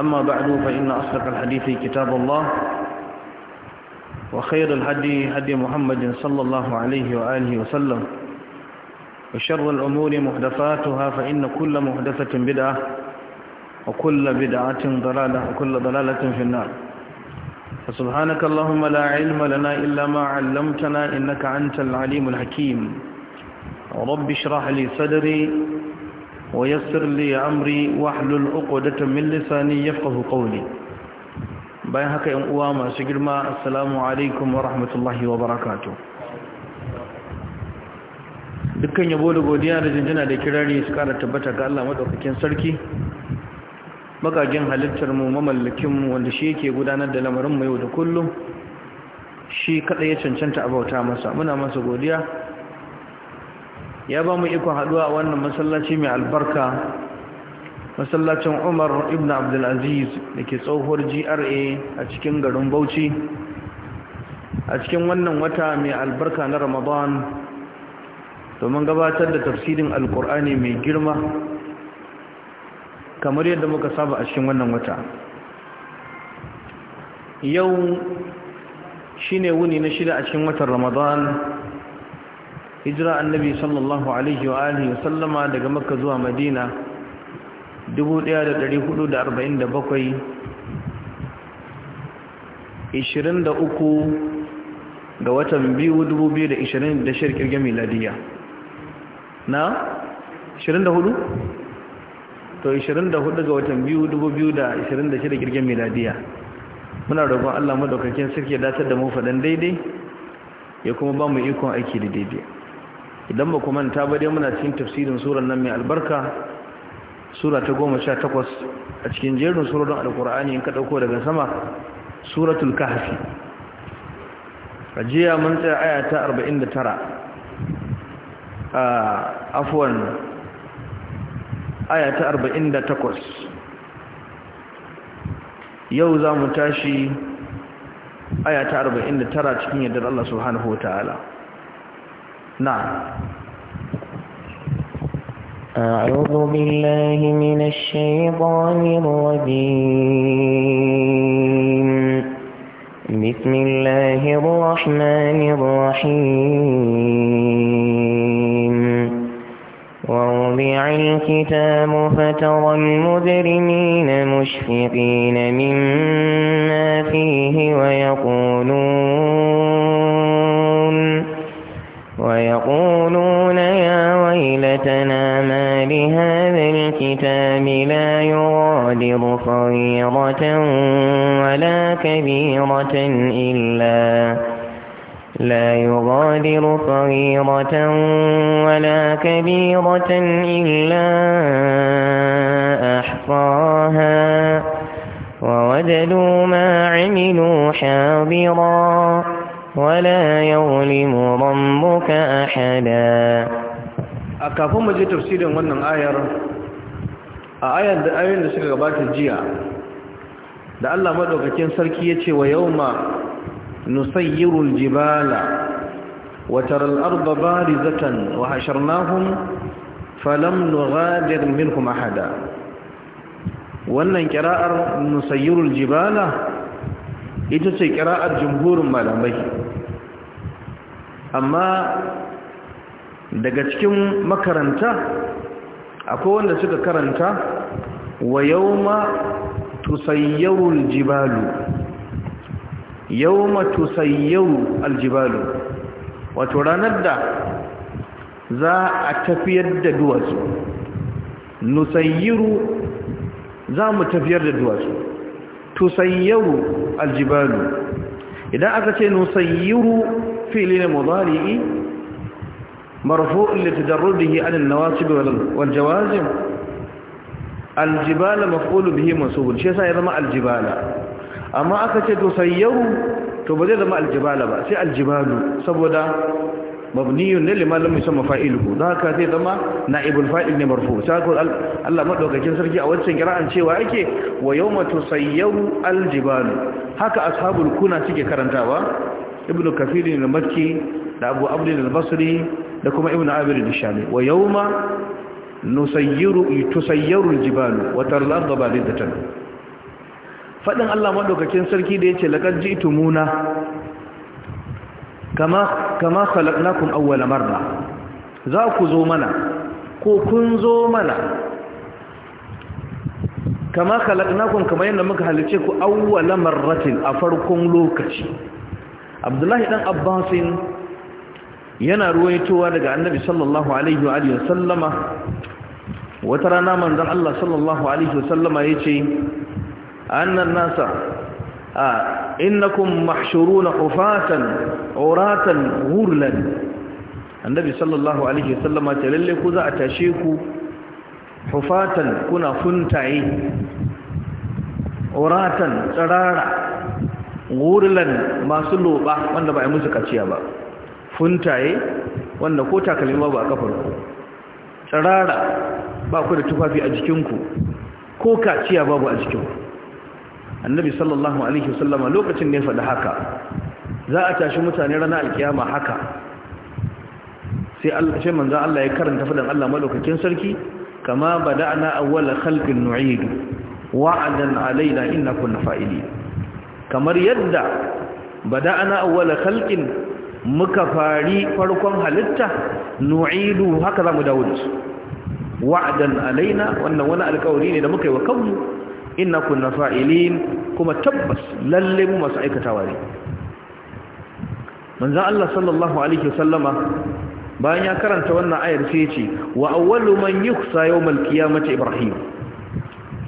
أما بعد فإن أصدق الحديث كتاب الله وخير الهدي هدي محمد صلى الله عليه وآله وسلم وشر الأمور محدثاتها فإن كل محدثة بدعة وكل بدعة ضلالة وكل ضلالة في النار فسبحانك اللهم لا علم لنا إلا ما علمتنا إنك أنت العليم الحكيم رب اشرح لي صدري ويسر لي امري واحلل عقدة من لساني يفقه قولي bayan haka yan uwa masu girma السلام alaikum wa rahmatullahi wa dukkan yabo da godiya da jinjina da kirari su kara tabbata ga Allah madaukakin sarki magagin halittar mu mamallakin mu wanda shi yake gudanar da lamarin mu yau da kullum shi kada ya cancanta a bauta masa muna masa godiya ya ba mu iko haduwa a wannan masallaci mai albarka masallacin umar ibn abdulaziz da ke tsohuwar gra a cikin garin bauchi a cikin wannan wata mai albarka na ramadan domin gabatar da tafsirin alkur'ani mai girma kamar yadda muka saba a cikin wannan wata yau shine wuni na shida a cikin watan ramadan hijira annabi sallallahu alaihi wa alihi sallama daga makka zuwa madina 1447 23 ga watan 2 2020 da shirkir ga miladiya na 24 to 24 ga watan 2 2026 girgin miladiya muna roƙon Allah madaukakin sarki ya datar da mu faɗan daidai ya kuma ba mu ikon aiki da daidai idan ba ku ta ba dai muna cikin tafsirin surar nan mai albarka sura ta goma sha takwas a cikin jerin surorin alkur'ani in ka ɗauko daga sama suratul kahfi a jiya mun tsaya aya ta arba'in da tara a afuwan aya ta arba'in da takwas yau za mu tashi aya ta arba'in da tara cikin yadda Allah subhanahu wa ta'ala نعم أعوذ بالله من الشيطان الرجيم بسم الله الرحمن الرحيم ووضع الكتاب فترى المجرمين مشفقين مما كبيرة إلا لا يغادر صغيرة ولا كبيرة إلا أحصاها ووجدوا ما عملوا حاضرا ولا يظلم ربك أحدا أكفهم مجي تفسير من آية آية آيات da suka gabata da Allah madaukakin sarki yace wa yauma nusayyirul jibala wa taral arda barizatan wa hasharnahum falam nughadir minhum ahada wannan ƙira'ar nusayyirul jibala ita ce ƙira'ar jumhurin malamai amma daga cikin makaranta akwai wanda suka karanta wa تسير الجبال يوم تسير الجبال وترندى زا اتفيد الدواز نسير زا متفيد الدواز تسير الجبال إذا أكت نسير في لين مضارئ مرفوء لتدرده عن النواصب والجوازم aljibala maf'ulu bihi mansubun shi yasa ya zama aljibala amma aka ce to sayyaru to ba zai zama aljibala ba sai aljibalu saboda mabniyun ne liman lam yusamma fa'iluhu da haka zai zama na'ibul fa'il ne marfu sai Allah madaukakin sarki a wancan kira'an cewa yake wa yawma tusayyaru aljibalu haka ashabul kuna suke karantawa ibnu kafirin da makki da abu abdul al-basri da kuma ibnu abir al-shami wa yawma nusayyiru tusayyaru jibalu wa tarlar gabalidatan faɗin Allah madaukakin sarki da ya ce laƙar ji tumuna kama khalaqnakum awwala marra za ku zo mana ko kun zo mana kama khalaqnakum kama yadda muka halice ku awwala marratin a farkon lokaci Abdullahi dan Abbasin yana ruwaitowa daga annabi sallallahu alaihi wa alihi wata rana manzon Allah sallallahu alaihi wasallama yace annan nasa a innakum mahshuruna hufatan uratan hurlan annabi sallallahu alaihi wasallama ce lalle ku za a tashe ku hufatan kuna funtaye uratan tsarara hurlan masu loba wanda ba a musu kaciya ba funtaye wanda ko takalmi ba a kafarku tsarara, ba ku da tufafi a jikinku ko kaciya babu a jikinku annabi sallallahu alaihi wasallama lokacin da ya haka za a tashi mutane rana alkiyama haka sai sai manzo Allah ya karanta fadan Allah malaukakin sarki kama bada'na awwala khalqin nu'idu wa'adan alaina inna fa'ilin kamar yadda bada'na awwala khalqin muka fari farkon halitta nu'idu haka zamu dawo da su wa'dan alaina wannan wani alƙawari ne da muka yi wa kanmu inna kunna fa'ilin kuma tabbas lalle mu masu aikatawa ne manzon Allah sallallahu alaihi wasallama bayan ya karanta wannan ayar sai ce wa awwalu man yukhsa yawmal qiyamati ibrahim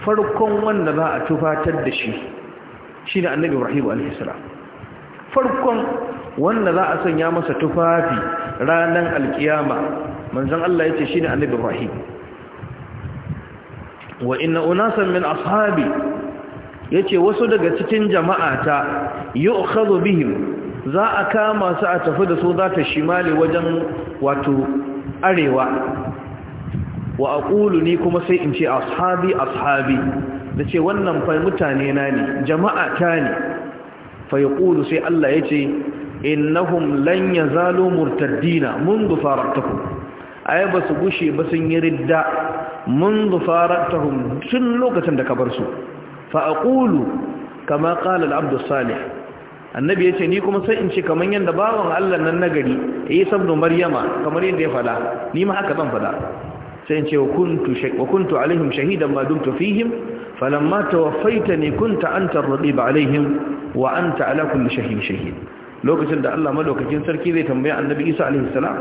farkon wanda za a tufatar da shi shine annabi ibrahim alaihi salam farkon wanda za a sanya masa tufafi ranar alkiyama manzan Allah ya ce shi ne annabi Ibrahim wa inna unasan min ashabi ya ce wasu daga cikin jama'ata yi ukhadu bihim za a kama su a tafi da su za ta shimali wajen wato arewa wa aqulu ni kuma sai in ce ashabi ashabi da ce wannan fa mutane na ne jama'a ta ne fayakulu sai Allah ya ce innahum lan yazalu murtaddina mundu faratukum ay ba su gushe ba sun yi ridda mundu faratukum tun lokacin da ka bar su fa aqulu kama qala al-abd annabi ya ce ni kuma sai in ce kaman yanda bawon Allah nan nagari yayi sabdo maryama kamar yadda ya fada ni ma haka zan fada sai in ce wa kuntu wa kuntu alaihim shahidan ma dumtu fihim falamma tawaffaytani kunta anta ar-raqib alaihim wa anta ala kulli shahin shahin. lokacin da Allah madaukakin sarki zai tambaya annabi Isa alaihi salam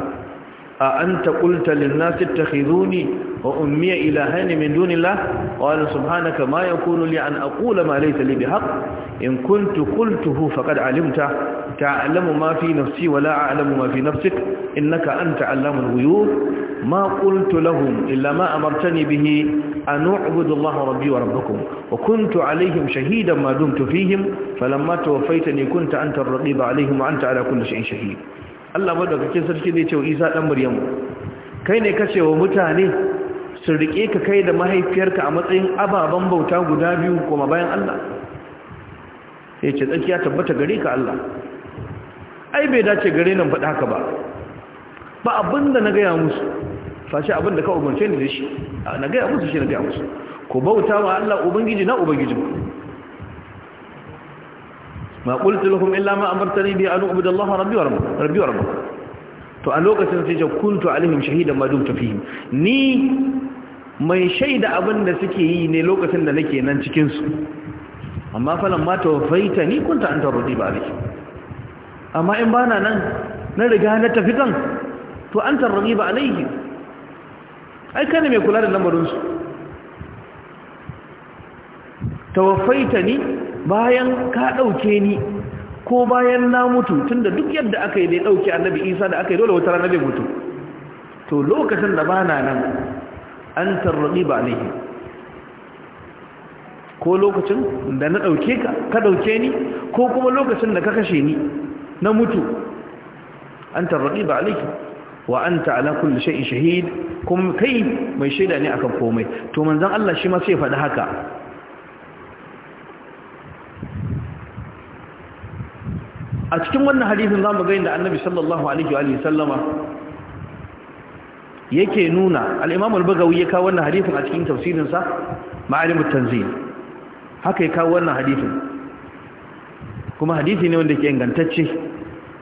a anta qulta lin nas ittakhizuni wa ummi ilahayn min dunillah qala subhanaka ma yakunu li an akula ma laysa libi bihaq in kuntu kultuhu faqad alimta ta'lamu ma fi nafsi wa la a'lamu ma fi nafsik innaka anta allamul ghuyub ما قلت لهم إلا ما أمرتني به أن أعبد الله ربي وربكم وكنت عليهم شهيدا ما دمت فيهم فلما توفيتني كنت أنت الرقيب عليهم وأنت على كل شيء شهيد Allah madaka ke sarki da ya ce wa Isa dan Maryam kai ne kace wa mutane su rike ka kai da mahaifiyarka a matsayin ababan bauta guda biyu kuma bayan Allah sai ce tsakiya tabbata gare ka Allah ai bai dace gare nan fada haka ba ba abin da na gaya musu face abin da ka umarce ni da shi na gaya musu shi na gaya musu ko bauta wa Allah ubangiji na ubangiji ma qultu lahum illa ma amartani bi an ubudu Allah rabbi wa rabbi wa to a lokacin sai kuntu alaihim shahidan ma dumtu fihim ni mai shaida abin da suke yi ne lokacin da nake nan cikin su amma falan ma tawfaita ni kunta anta radiba alayhi amma in bana nan na riga na tafi kan to an tarrabi ba alaihi ai kana mai kula da ta tawaffaita ni bayan ka ɗauke ni ko bayan na mutu tunda duk yadda aka yi da ya ɗauke annabi isa da aka yi dole wata rana bai mutu to lokacin da ba na nan an tarrabi ba alaihi ko lokacin da na ɗauke ka ka ɗauke ni ko kuma lokacin da ka kashe ni na mutu an tarrabi ba alaihi wa an ta'ala kulli shay'in shahid kuma kai mai shaida ne akan komai to manzon Allah shi ma sai faɗi haka a cikin wannan hadisin zamu ga inda annabi sallallahu alaihi wa sallama yake nuna al-imam al-bagawi ya kawo wannan hadisin a cikin tafsirin sa ma'alimut tanzil haka ya kawo wannan hadisin kuma hadisi ne wanda ke ingantacce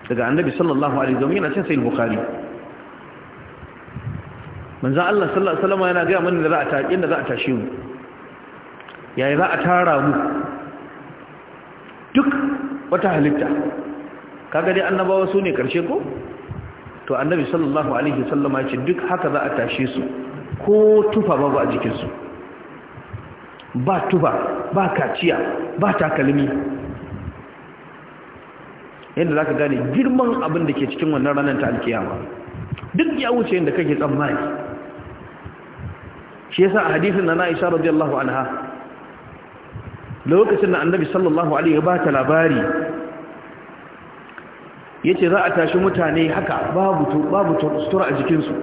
daga annabi sallallahu alaihi wa sallam yana cikin sahih bukhari manzan Allah sallallahu Alaihi wasallam yana gaya mana da za a taƙin da za a tashe mu yayi za a tara mu duk wata halitta kaga dai annabawa su ne ƙarshe ko? to annabi sallallahu Alaihi wasallam ya ce duk haka za a tashe su ko tufa babu a jikinsu ba tufa ba kaciya ba takalmi yadda za ka gane girman abin da ke cikin wannan ranar ta alkiyama duk ya wuce yadda kake tsammani shi yasa a hadisin na Aisha radiyallahu anha lokacin da Annabi sallallahu alaihi wa ta labari yace za a tashi mutane haka babu to babu to sutura a jikin su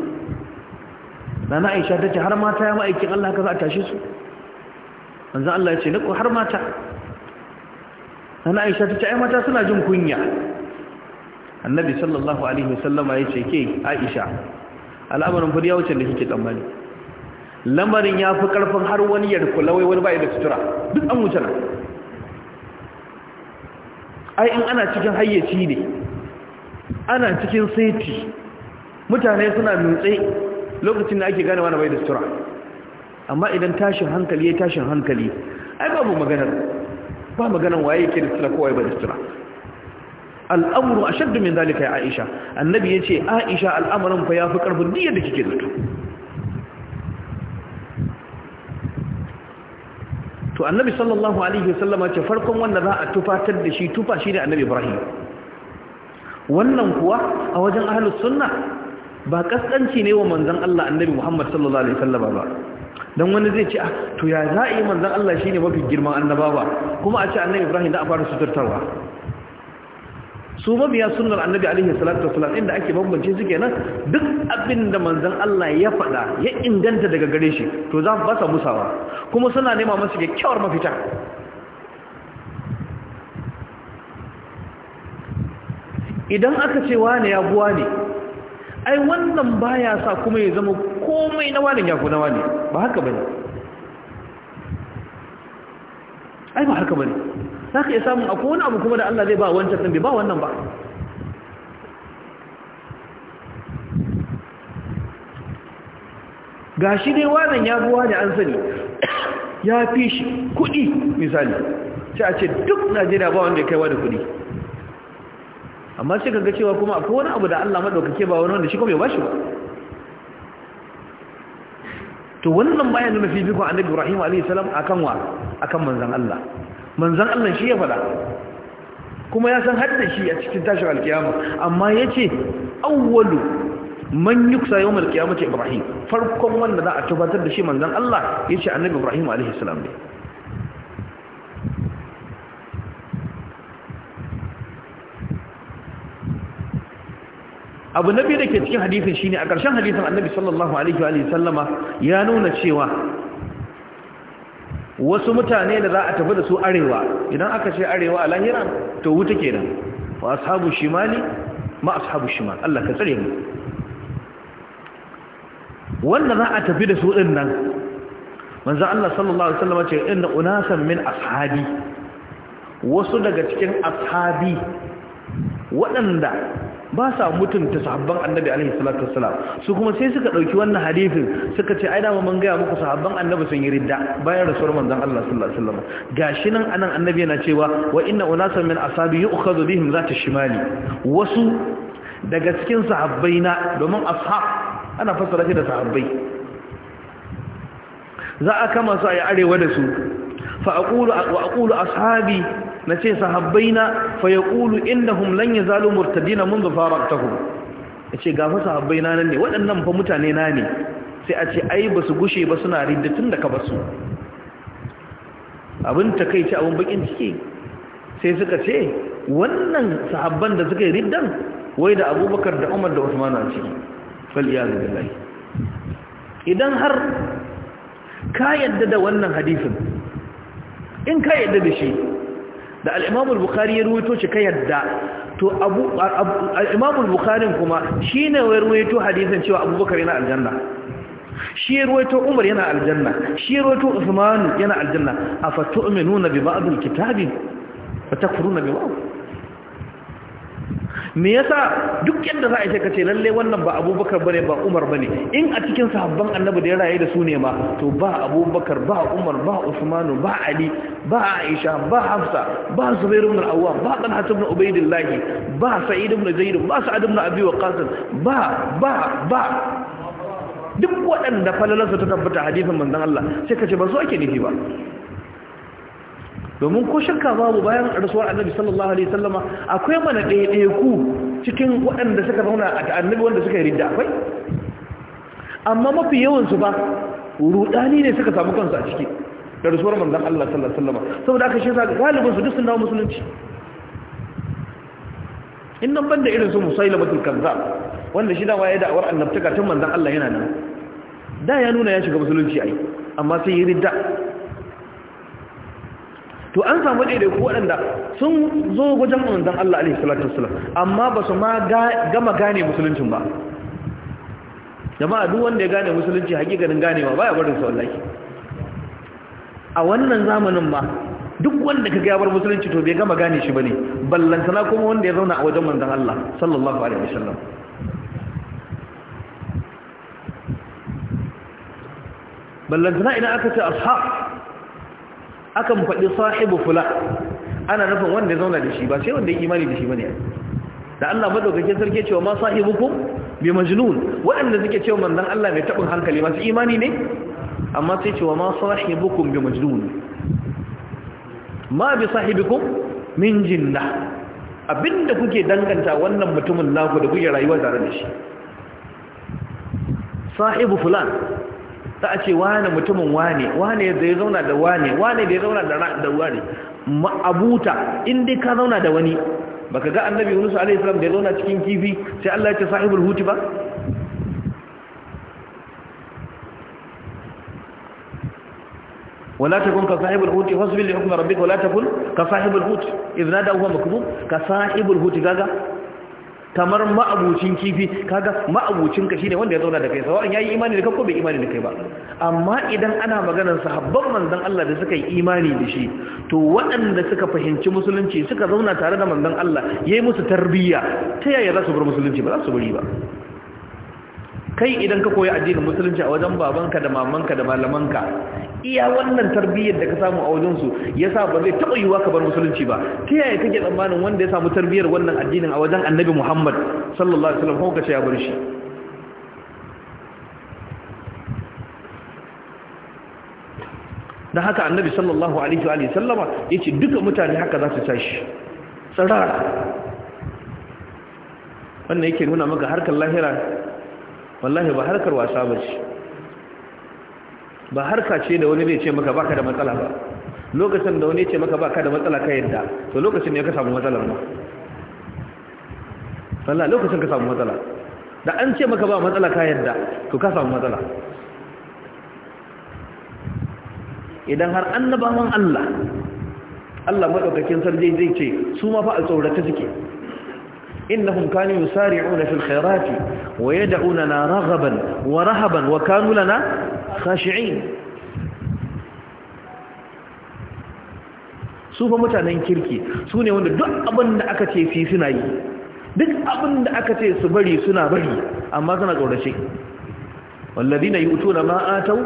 Nana Aisha tace har mata ya ma'aikin Allah haka za a tashi su manzo Allah yace ko har mata Nana Aisha tace ai mata suna jin kunya Annabi sallallahu alaihi wasallama yace ke Aisha al'amarin fa ya wuce da kike tsammani lamarin ya fi ƙarfin har wani yadda rikula wai wani bai da sutura duk an wuce nan ai in ana cikin hayyaci ne ana cikin saiti mutane suna nutse lokacin da ake gane wani bai da sutura amma idan tashin hankali ya tashin hankali ai babu maganar ba maganar waye yake da sutura kowai bai da sutura al'amuru a shaddu min zalika ya aisha annabi ya ce aisha al'amuran fa ya fi ƙarfin diyar da kike zato annabi sallallahu alaihi wasallam ce farkon wanda za a tufatar da shi tufa shine annabi ibrahim wannan kuwa a wajen ahlus sunna ba kaskanci ne wa manzon Allah annabi Muhammad sallallahu alaihi wasallam ba dan wani zai ce ah, to ya za a yi manzon Allah shine mafi girman annabawa kuma a ce annabi ibrahim da a fara suturtarwa su mabiya sunnar annabi alaihi salatu wasallam inda ake bambance su kenan duk abin da manzon Allah ya faɗa ya inganta daga gare shi to za ba sa musawa kuma suna nema masa kyakkyawar mafita idan aka ce wane ya buwa ne ai wannan baya sa kuma ya zama komai na wani ya na wani ba haka bane ai ba haka bane za ka iya samun akwai wani abu kuma da Allah zai ba wancan ɗin bai ba wannan ba ga shi dai wannan ya buwa da an sani ya fi shi kuɗi misali sai a ce duk najeriya ba wanda ya kaiwa da kuɗi amma sai kaga cewa kuma akwai wani abu da Allah maɗaukake ba wani wanda shi kuma ya bashi ba to wannan bayan nuna fiko annabi ibrahim a.s. akan wa akan manzan Allah manzan Allah shi ya faɗa kuma ya san hadda shi a cikin tashin alkiyama amma ya ce awwalu man yuksa yau malkiyama ce ibrahim farkon wanda za a tabbatar da shi manzan Allah ya ce annabi ibrahim a.s. abu na biyu da ke cikin hadifin shi ne a ƙarshen hadifin annabi sallallahu alaihi wa sallama ya nuna cewa wasu mutane da za a tafi da su arewa idan aka ce arewa a lahira to wuta nan. wa ashabu shimali ma ashabu shimali Allah ka tsare mu wanda za a tafi da su din nan manzo Allah sallallahu alaihi wasallam ce inna unasan min ashabi wasu daga cikin ashabi waɗanda ba sa mutunta sahabban annabi alaihi salatu wassalam su kuma sai suka dauki wannan hadisin suka ce ai da mun ga muku sahabban annabi sun yi ridda bayan rasul manzon Allah sallallahu alaihi wasallam gashi nan anan annabi yana cewa wa inna unasan min ashabi yu'khadhu bihim zata shimali wasu daga cikin sahabbai na domin ashab ana fassara shi da sahabbai za a kama su a yi arewa da su fa aqulu wa aqulu ashabi Na na ce nace sahabbaina fa yaqulu innahum lan yazalu murtadina منذ فارقتهم ce ga fa na nan ne waɗannan fa mutane na ne sai a ce ai ba su gushe ba suna ridda tun da ka ba su. abin ta takeici abin bakin ciki sai suka ce wannan sahabban da suka yi riddan wai da abubakar da umar da usman a ciki fal iyazu billahi idan har ka yadda da wannan hadisin in ka yadda da shi da al bukari al-Bukhari ya ruwaito shi ka yadda to Abu al-Imam al-Bukhari kuma shine ya ruwaito hadisin cewa Abubakar yana aljanna shi ya ruwaito Umar yana aljanna shi ya ruwaito Usmanu yana aljanna a afatu'minuna bi ba'd ta kuru na bi ba'd me yasa duk yadda za a ce kace lalle wannan ba abubakar bane ba umar bane in a cikin sahabban annabi da ya raye da su ne ma to ba abubakar ba umar ba usman ba ali ba aisha ba hafsa ba zubair ibn awwam ba talha ibn ubaydillah ba sa'id ibn zaid ba sa'ad ibn abi waqas ba ba ba duk waɗanda falalansu ta tabbata hadisin manzon Allah sai kace ba su ake nufi ba domin ko shakka babu bayan rasuwar annabi sallallahu alaihi wasallama akwai mana ɗaiɗaiku cikin waɗanda suka zauna a annabi wanda suka yi ridda akwai amma mafi yawan su ba rudani ne suka samu kansu a ciki da rasuwar manzon Allah sallallahu alaihi wasallama saboda aka shi yasa galibin su duk sun dawo musulunci in nan banda irin su musailamatul kazzab wanda shi dama ya da'awar annabtaka tun manzon Allah yana nan da ya nuna ya shiga musulunci ai amma sai yi ridda to an samu ɗaiɗaiku waɗanda sun zo wajen manzan Allah alaihi salatu amma ba su ma gama gane musuluncin ba jama'a duk wanda ya gane musulunci hakikanin ganewa baya barin sa wallahi a wannan zamanin ma duk wanda kaga ya bar musulunci to bai gama gane shi bane ballantana kuma wanda ya zauna a wajen manzon Allah sallallahu alaihi wasallam ballantana idan aka ce ashab akan faɗi sahibu fula ana nufin wanda ya zauna da shi ba sai wanda ya imani da shi bane da Allah madaukakin sarki cewa ma sahibukum bi majnun Waɗanda suke cewa manzon Allah mai tabin hankali masu imani ne amma sai cewa ma sahibukum bi majnun ma bi sahibukum min jinna abinda kuke danganta wannan mutumin naku da kuke rayuwa tare da shi sahibu fulan za a ce wane mutumin wane wane da ya zauna da wane wane da ya zauna da wane ma'abuta in dai ka zauna da wani baka ga annabi Yunus alaihi salam da ya zauna cikin kifi sai Allah ya ce sahibul huti ba ولا fasbil li hukmi rabbika wala takun ka sahibul hutu, idza إذ huwa وهو ka sahibul hutu, gaga. kamar ma'abucin kifi kaga ma'abucin ka shine wanda ya zauna da kai sawan yayi imani da kai ko bai imani da kai ba amma idan ana maganar sahabban manzon Allah da suka yi imani da shi to waɗanda suka fahimci musulunci suka zauna tare da manzon Allah yayi musu tarbiyya ta yaya za su bar musulunci ba za su bari ba kai idan ka koyi addinin musulunci a wajen babanka da mamanka da malamanka iya wannan tarbiyyar da ka samu a wajen su yasa ba zai taba yiwa ka bar musulunci ba ta yaya kake tsammanin wanda ya samu tarbiyyar wannan addinin a wajen Annabi Muhammad sallallahu alaihi wasallam ko kace ya bar shi dan haka Annabi sallallahu alaihi wa sallama yace duka mutane haka za su tashi sarara wannan yake nuna maka harkar lahira wallahi ba harkar wasa ba ce ba harka ce da wani zai ce maka baka da matsala ba lokacin da wani ce maka baka da matsala ka yadda to lokacin ne ka samu matsala ma wallahi lokacin ka samu matsala da an ce maka ba matsala ka yadda to ka samu matsala idan har annabawan Allah Allah madaukakin sarki zai ce su ma fa a tsaurata suke إنهم كانوا يسارعون في الخيرات ويدعوننا رغبا ورهبا وكانوا لنا خاشعين سوف متعنين كيركي سوني وانا دع أبن أكتي في سنائي دع أبن أكتي سبري سنا بري أما كانت أولا شيء والذين يؤتون ما آتوا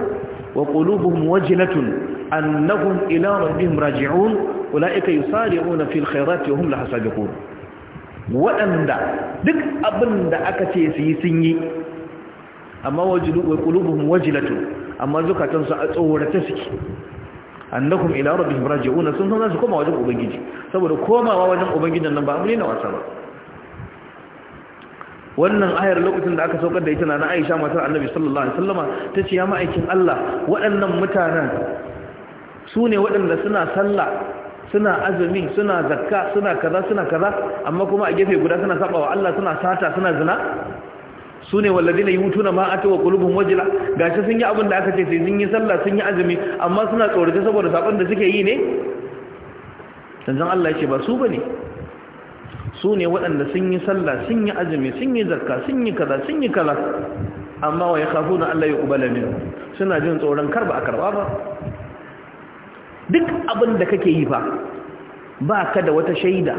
وقلوبهم وجلة أنهم إلى ربهم راجعون أولئك يسارعون في الخيرات وهم لها سابقون waɗanda duk abin da aka ce su yi sun yi amma wajilubuhum wajilatu amma zukatansu a tsorata suke annakum ila rabbihim raji'un sun san su koma wajen ubangiji saboda komawa wajen ubangijin nan ba abu ne na wasa ba wannan ayar lokacin da aka saukar da ita na Aisha matar Annabi sallallahu alaihi wasallama ce ya ma'aikin Allah waɗannan mutanen su ne waɗanda suna sallah suna azumi suna zakka suna kaza suna kaza amma kuma a gefe guda suna saba wa Allah suna sata suna zina su ne wallazina yutuna ma ata wa qulubuhum wajla gashi sun yi abin da aka ce sai sun yi sallah sun yi azumi amma suna tsorata saboda sabon da suke yi ne dan Allah yake ba su bane su ne waɗanda sun yi sallah sun yi azumi sun yi zakka sun yi kaza sun yi kaza amma wa yakhafuna Allah ya kubala min suna jin tsoron karba a karba ba duk abin da kake yi fa ba ka da wata shaida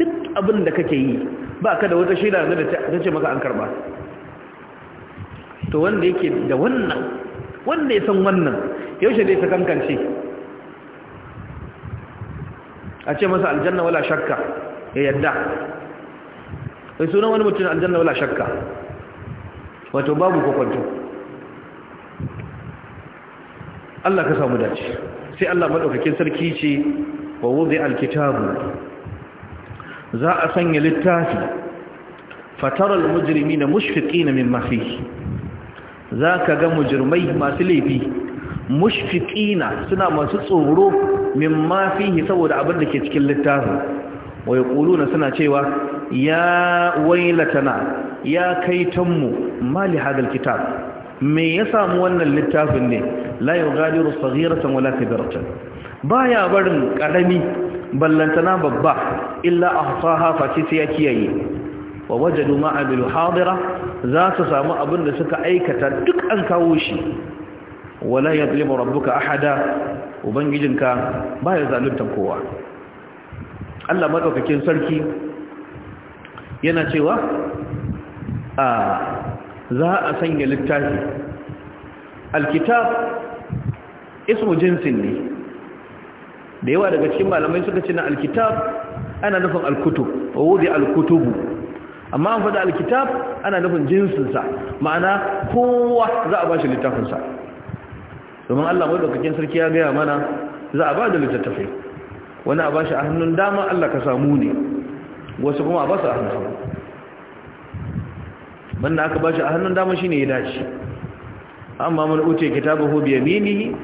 duk abin da kake yi ba ka da wata shaida da ta ce maka an karba to wanda yake da wannan wanda ya san wannan yaushe zai ta kankance a ce masa aljanna wala shakka ya yadda sai sunan wani mutum aljanna wala shakka wato babu kwakwanto Allah ka samu dace sai Allah madaukakin sarki ce wa wuzi alkitabu za a sanya littafi fataral mujrimi na mushfiki na min mafi za ka ga mujirmai masu laifi mushfiki na suna masu tsoro min mafi saboda abin da ke cikin littafi. wai na suna cewa ya wailatana ya kai tanmu mali hadal kitab me ya samu wannan littafin ne la yughadiru saghiratan wala Ba baya barin karami ballantana babba illa ahsaha fa sai ya kiyaye wa wajadu ma abilu hadira za su samu abin da suka aikata duk an kawo shi wala yadlimu rabbuka ahada ubangijinka baya zaluntar kowa Allah madaukakin sarki yana cewa a ah, za a sanya littafi alkitab ismu jinsin ne da yawa daga cikin malamai suka ce na alkitab ana nufin alkutub wa wudi alkutubu amma an faɗa alkitab ana nufin jinsinsa ma'ana kowa za a ba shi littafinsa domin Allah mai ɗaukakin sarki ya gaya mana za a ba da littattafai wani a ba shi a hannun dama Allah ka samu ne wasu kuma a ba su a hannun wanda aka bashi a hannun dama shine ya dace amma man uce kitabahu bi yaminihi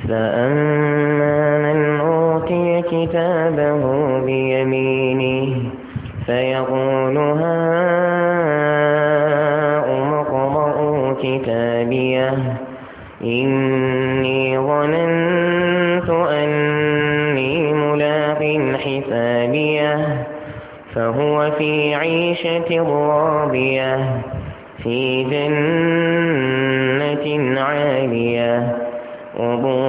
فأما من أوتي كتابه بيمينه فيقول هاؤم اقرءوا كتابيه إني ظننت أني ملاق حسابيه فهو في عيشة راضية في جنة عالية وضوء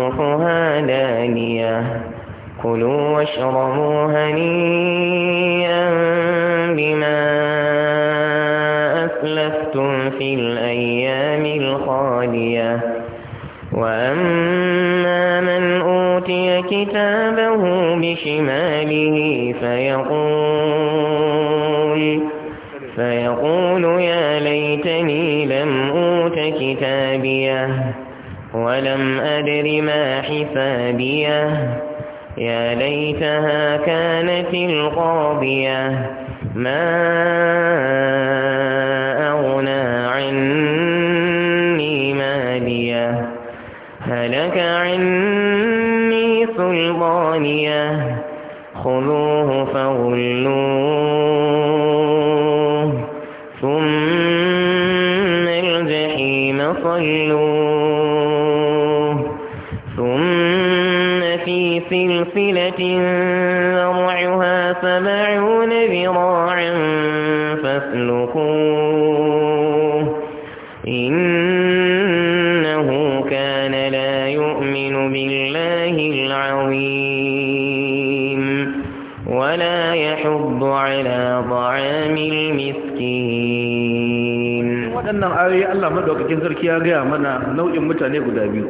mutane guda biyu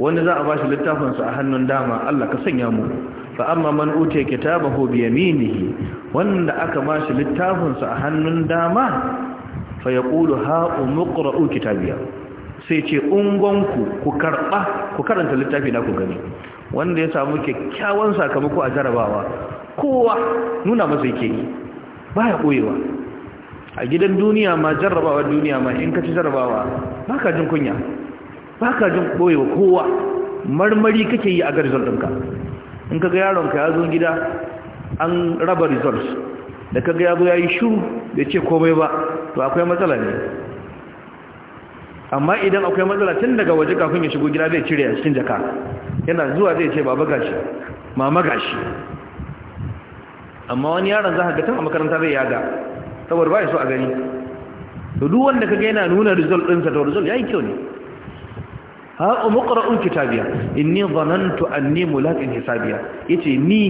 wanda za a ba shi littafinsa a hannun dama Allah ka sanya mu fa amma man utiya kitabahu bi yaminihi wanda aka ba shi littafinsa a hannun dama fa yaqulu ha umqra'u kitabiya sai ce ungonku ku karba ku karanta littafi da ku gani wanda ya samu kyakkyawan sakamako a jarabawa kowa nuna masa yake yi baya koyewa a gidan duniya ma jarrabawa duniya ma in ka ci jarrabawa baka jin kunya ba ka jin ɓoye kowa marmari kake yi a ga result ɗinka in ka ga yaronka ya zo gida an raba results da ka ga ya zo ya yi shuru da ce komai ba to akwai matsala ne amma idan akwai matsala tun daga waje kafin ya shigo gida zai cire a cikin jaka yana zuwa zai ce baba gashi mama gashi amma wani yaron za ka ga tun a makaranta zai yaga saboda ba ya so a gani to duk wanda kaga yana nuna result ɗinsa to result yayi kyau ne ha muqra'un kitabiya inni dhanantu anni mulaqin hisabiya yace ni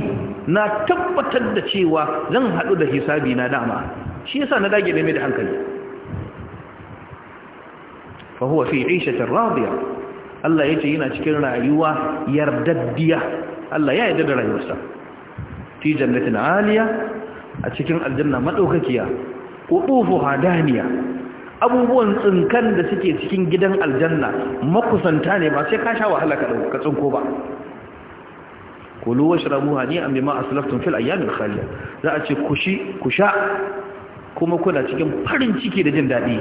na tabbatar da cewa zan hadu da hisabi na dama shi yasa na dage mai da hankali fa huwa fi 'ishatin radiya Allah yace yana cikin rayuwa yardaddiya Allah ya yarda da rayuwarsa fi jannatin 'aliya a cikin aljanna madaukakiya qutufu hadaniya abubuwan tsinkan da suke cikin gidan aljanna makusanta ne ba sai ka sha wahala ka tsinko ba kulu washrabu hani'an bima aslaftum fil a khaliya za a ce kushi kusha kuma kuna cikin farin ciki da jin daɗi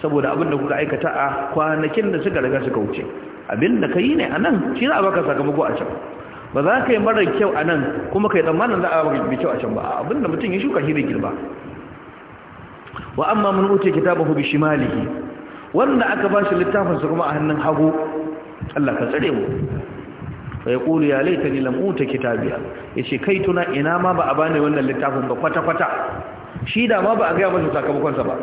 saboda abin da kuka aikata a kwanakin da suka riga suka wuce abin da kai ne anan shi za a baka sakamako a can ba za ka yi mara kyau anan kuma kai tsammanin za a baka kyau a can ba abin da mutum ya shuka shi da girba wa amma mun uti kitabahu bi shimalihi wanda aka bashi littafin sa kuma a hannun hagu Allah ka tsare mu fa yaqulu ya laitani lam uta kitabiya yace kai tuna ina ma ba a bani wannan littafin ba kwata kwata shi da ma ba a ga masa sakamakon sa ba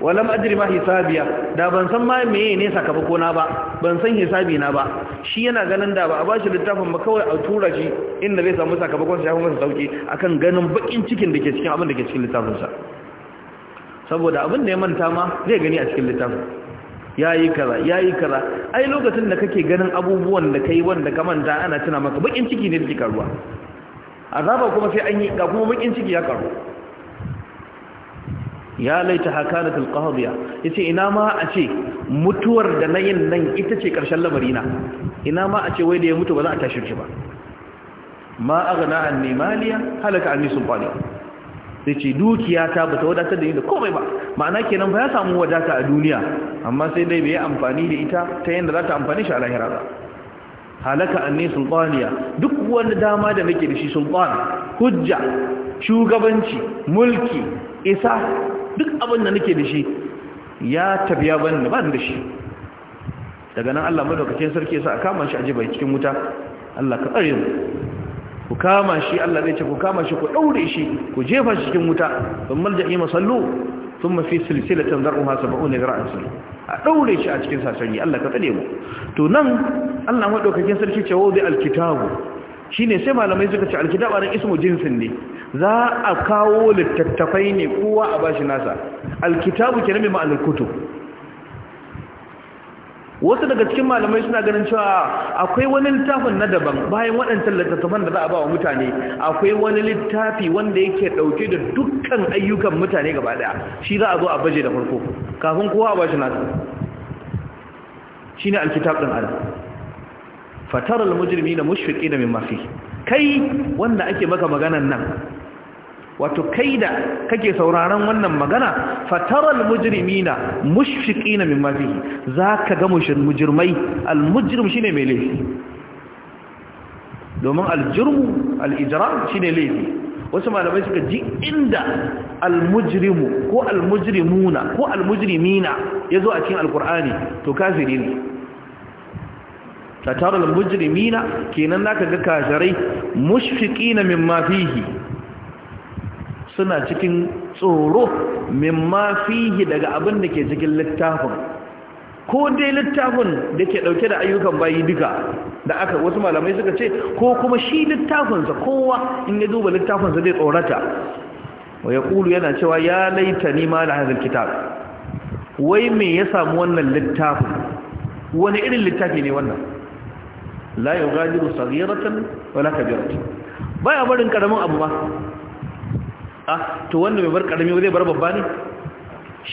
walam ajri ma hisabiya da ban san ma meye ne sakamako na ba ban san hisabi na ba shi yana ganin da ba a bashi littafin ba kawai a tura shi inda zai samu sakamakon sa ya kuma sauki akan ganin bakin cikin dake cikin abin dake cikin littafin sa saboda abin da ya manta ma zai gani a cikin littafin yayi kaza yayi kaza ai lokacin da kake ganin abubuwan da kai wanda ka manta ana tuna maka bakin ciki ne dake karuwa azaba kuma sai an yi ga kuma bakin ciki ya karu ya laita hakanat alqahdiya yace ina ma a ce mutuwar da nayin nan ita ce karshen na? ina ma a ce wai da ya mutu ba za a tashi shi ba ma aghna anni maliya halaka anni sultani yace dukiya ta bata wadatar da ni da komai ba ma'ana kenan ba ya samu wadata a duniya amma sai dai bai amfani da ita ta yanda za ta amfani shi a lahira ba halaka anni sultaniya duk wani dama da nake da shi sultan hujja shugabanci mulki isa duk abin da nake da shi ya tafiya ban da ban da shi daga nan Allah madaukakin sarki yasa a kama shi a jibai cikin wuta Allah ka tsare mu ku kama shi Allah zai ce ku kama shi ku daure shi ku jefa shi cikin wuta ban malja'i masallu ثم في سلسلة ذرعها سبعون ذراعا دوري شي a cikin sasani Allah ka tsare mu to nan Allah madaukakin sarki ce wadi alkitabu shine sai malamai suka ce alkitabu ran ismu jinsin ne za a kawo littattafai ne kowa a bashi nasa alkitabu kenan mai ma'anar kutu wasu daga cikin malamai suna ganin cewa akwai wani littafin na daban bayan waɗancan littattafan da za a ba wa mutane akwai wani littafi wanda yake ɗauke da dukkan ayyukan mutane gaba ɗaya shi za a zo a baje da farko kafin kowa a bashi nasa shi ne alkitab ɗin adam fatarar mujirmi na mushfiƙi da min mafi kai wanda ake maka maganan nan wato kai da kake sauraron wannan magana fataral mujrimina mushfiqina mimma fihi zaka ga mushin mujrimai al shi ne mai laifi domin aljirmu, jurmu shi ne laifi wasu malamai suka ji inda al mujrimu ko al mujrimuna ko al a cikin alkurani to kafiri ne fataral mujrimina kenan zaka ga kafirai mushfiqina mimma fihi suna cikin tsoro mimma fihi daga abin da ke cikin littafin ko dai littafin da ke dauke da ayyukan bayi duka da aka wasu malamai suka ce ko kuma shi littafinsa kowa in ya duba littafinsa zai tsorata wa ya kulu yana cewa ya laita nima da hazar kitab wai me ya samu wannan littafin wani irin littafi ne wannan la yugadiru saghiratan wala kabiratan baya barin karamin abu ba a to wanda mai bar karami zai bar babba ne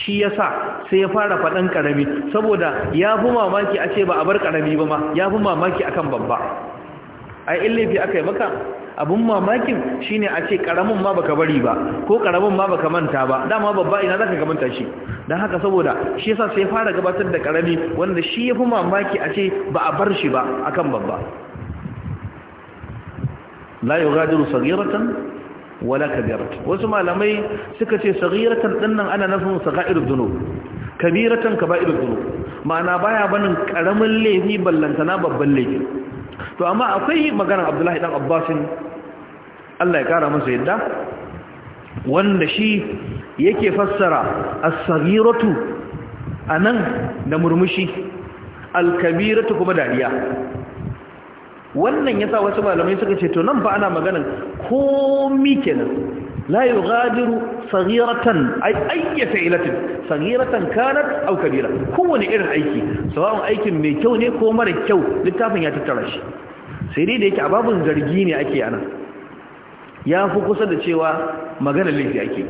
shi ya sa sai ya fara faɗan karami saboda ya fi mamaki a ce ba a bar karami ba ma ya fi mamaki akan babba ai in laifi aka yi maka abun mamakin shine a ce karamin ma baka bari ba ko karamin ma baka manta ba dama babba ina zaka ka manta shi dan haka saboda shi yasa sai ya fara gabatar da karami wanda shi ya fi mamaki a ce ba a bar shi ba akan babba la saghiratan wala kabirat wasu malamai suka ce saghiratan dinnan ana nufin sagha'irud dhunub kabiratan kaba'irud dhunub ma'ana baya banin karamin laifi ballantana babban laifi to amma akwai maganar Abdullahi dan Abbasin Allah ya kara masa yadda wanda shi yake fassara as-saghiratu anan da murmushi al-kabiratu kuma dariya wannan yasa wasu malamai suka ce to nan fa ana maganan komi kenan la yughadiru saghiratan ay ayyi fa'ilatin saghiratan kanar aw kabira kowane irin aiki sawa'un aikin mai kyau ne ko mara kyau littafin ya tattara shi sai dai da yake a babun zargi ne ake ana ya fi kusa da cewa maganar laifi ake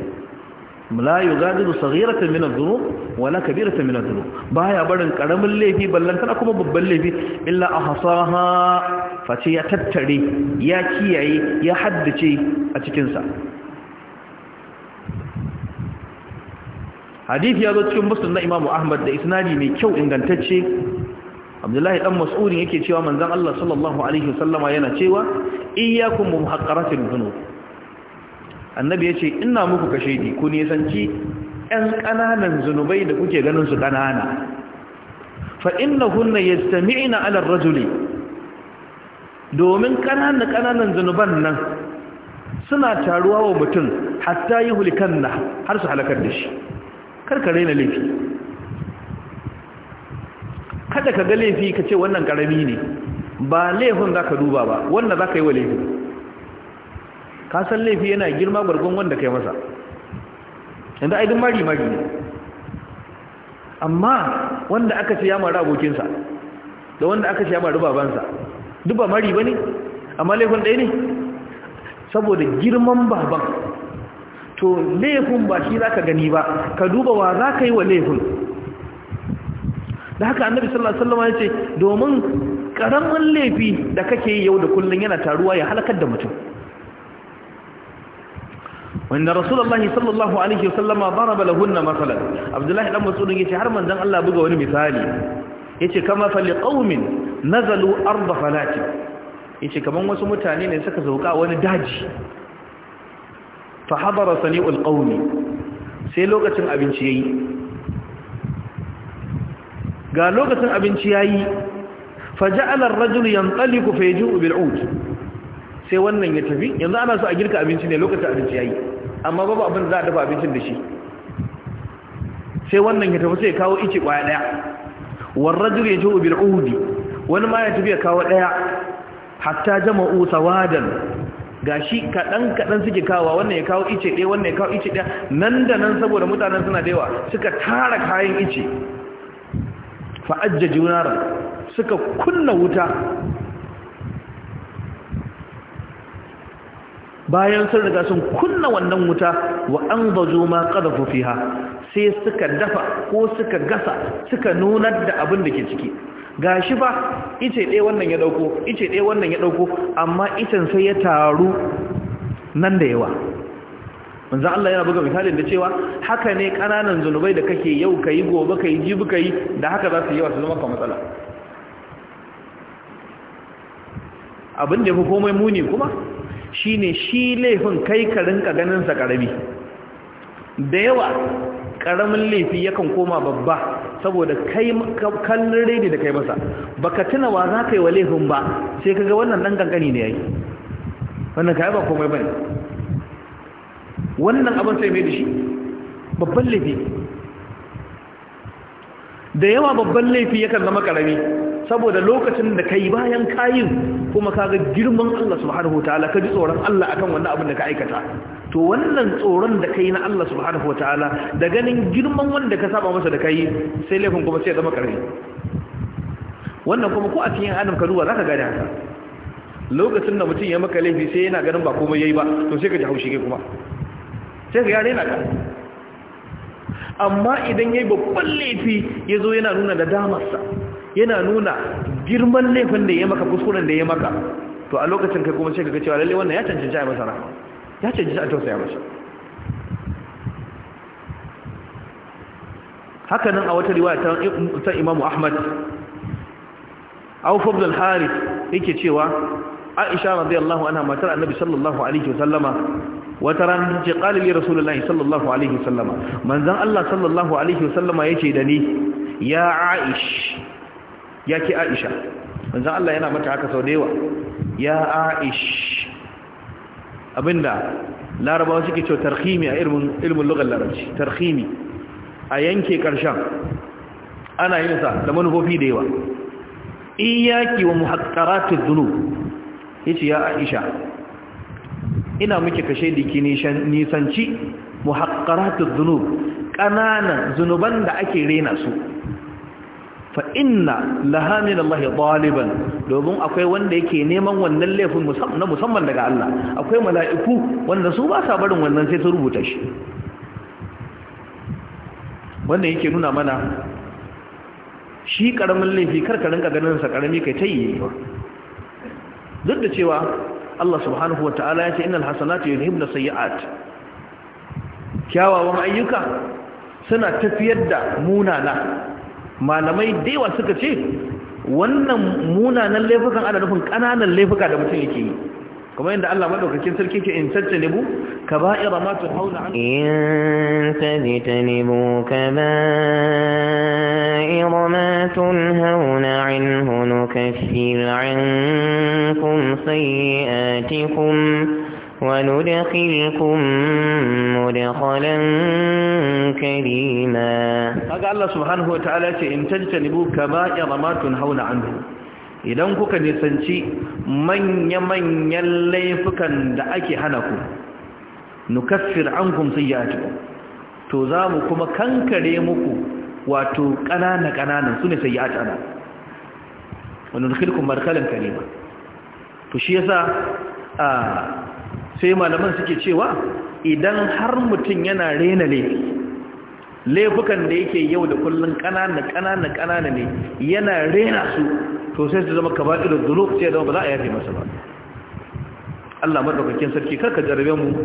la yugadiru saghiratan min adh-dhunub wala kabiratan min adh-dhunub baya barin karamin laifi ballantana kuma babban laifi illa ahsaha face ya tattare ya kiyaye ya haddace a cikin sa hadisi ya zo cikin muslim na imamu ahmad da isnadi mai kyau ingantacce abdullahi dan mas'udin yake cewa manzon Allah sallallahu alaihi wasallama yana cewa iyyakum muhaqqaratil dhunub annabi ya ce ina muku kashedi ku nisanci 'yan ƙananan zunubai da kuke ganin su ƙanana fa inna hunna ina allan rajuli domin ƙananan ƙananan zunuban nan suna taruwa wa mutum hatta yi na har su halakar da shi karkare na laifi kada ka ga laifi ka ce wannan ƙarami ne ba laifin za ka duba ba wannan za ka yi wa laifin ka san laifi yana girma gwargon wanda kai masa inda ai duk mari mari ne amma wanda aka ce ya mari abokinsa da wanda aka ce ya mari babansa duk ba mari ba ne amma laifin ɗaya ne saboda girman baban to laifin ba shi za ka gani ba ka duba wa za ka yi wa laifin da haka annabi sallallahu alaihi wasallam ya ce domin karaman laifi da kake yi yau da kullun yana taruwa ya halakar da mutum wanda rasulullahi sallallahu alaihi wasallama daraba lahunna masalan abdullahi dan mas'ud yace har manzon Allah buga wani misali yace kama fali qaumin nazalu arda falati yace kaman wasu mutane ne suka zauka wani daji fa hadara sani'ul qaumi sai lokacin abinci yayi ga lokacin abinci yayi faja'ala ar-rajul yantaliqu fayaji'u bil'ud sai wannan ya tafi yanzu ana so a girka abinci ne lokacin abinci yayi amma babu abin da za a dafa abincin da shi sai wannan ya tafi sai kawo ice kwaya daya warrajul ya ji'u bil uhudi wani ma ya tafi ya kawo daya hatta jama'u sawadan gashi kadan kadan suke kawo wannan ya kawo ice daya wannan ya kawo ice daya nan da nan saboda mutanen suna da yawa suka tara kayan ice fa ajjaju suka kunna wuta bayan sun riga sun kunna wannan wuta wa an bazo ma qadafu fiha sai suka dafa ko suka gasa suka nunar da abin da ke ciki gashi ba ice ɗaya wannan ya ɗauko ice ɗaya wannan ya ɗauko amma icen sai ya taru nan da yawa manzo Allah yana buga misalin da cewa haka ne kananan zunubai da kake yau kai gobe kai jibi kai da haka za su yi wasu zama ka matsala abin da fi komai muni kuma Shi ne shi laifin kai ka rinka ganin sa karami da yawa karamin laifi yakan koma babba saboda kai kallon rede da kai masa baka tuna wa za ka yi wa laifin ba sai kaga wannan dan kankani ne yi. wannan ka yi ba komai bane wannan abin sai mai da shi babban laifi da yawa babban laifi yakan zama karami saboda lokacin da kai bayan kayin kuma ka ga girman Allah subhanahu ta'ala ka ji tsoron Allah akan wannan abin da ka aikata to wannan tsoron da kai na Allah subhanahu ta'ala da ganin girman wanda ka saba masa da kai sai laifin kuma sai ya zama karfi wannan kuma ko a cikin adam ka za zaka gane haka lokacin da mutum ya maka laifi sai yana ganin ba komai yayi ba to sai ka ji haushi kai kuma sai ka yare na ka amma idan yayi babban laifi yazo yana nuna da damarsa yana nuna girman laifin da ya maka kuskuren da ya maka to a lokacin kai kuma sai kaga cewa lalle wannan ya cancanci a masa rahama ya cancanci a tausaya masa haka nan a wata riwaya ta Imam Ahmad Auf ibn al-Harith yake cewa Aisha radiyallahu anha matar Annabi sallallahu alaihi wasallama wata ran ce qali li rasulullahi sallallahu alaihi wasallama manzon Allah sallallahu alaihi wasallama yace da ni ya Aisha. ya ke aisha manzan Allah yana mata haka sau da yawa ya aish abinda larabawa suke cewa tarhimi a ilmin lugar larabci tarhimi a yanke karshen ana yin sa da manufofi da yawa iyaki wa muhaqqaratid dhunub yace ya aisha ina muke kashe da nishan nisanci muhaqqaratid dhunub kananan zunuban da ake rena su fa inna laha min Allah domin akwai wanda yake neman wannan laifin na musamman daga Allah akwai mala'iku wanda su ba sa barin wannan sai su rubuta shi wannan yake nuna mana shi karamin laifi karkarin ka ganin sa karami kai tayi ba duk da cewa Allah subhanahu wataala ya ce innal hasanatu yuzhibna sayyi'at kyawawan ayyuka suna tafiyar da munana malamai dewa suka ce wannan munanan laifukan ana nufin ƙananan laifuka da mutum yake yi kuma yadda Allah madaukakin sarki ke in tattalibu kaba'ira ma hauna an in tajtanibu kaba'ira ma tunhauna anhu sai a sayyi'atikum وندخلكم مدخلا كريما هذا الله سبحانه وتعالى إن تجتنبوا كبائر ما تنهون عنه idan kuka nisanci manya-manyan laifukan da ake hana ku nukaffir ankum sayyi'atukum to za mu kuma kankare muku wato ƙanana-ƙananan su ne sayyi'atana wa nudkhilkum markalan karima to shi yasa a sai malaman suke cewa idan har mutum yana rena laifi laifukan da yake yau da kullun kanana kanana kanana ne yana rena su to sai su zama irin dhunub sai da ba za a yafe masa ba Allah madaukakin sarki karka jarabe mu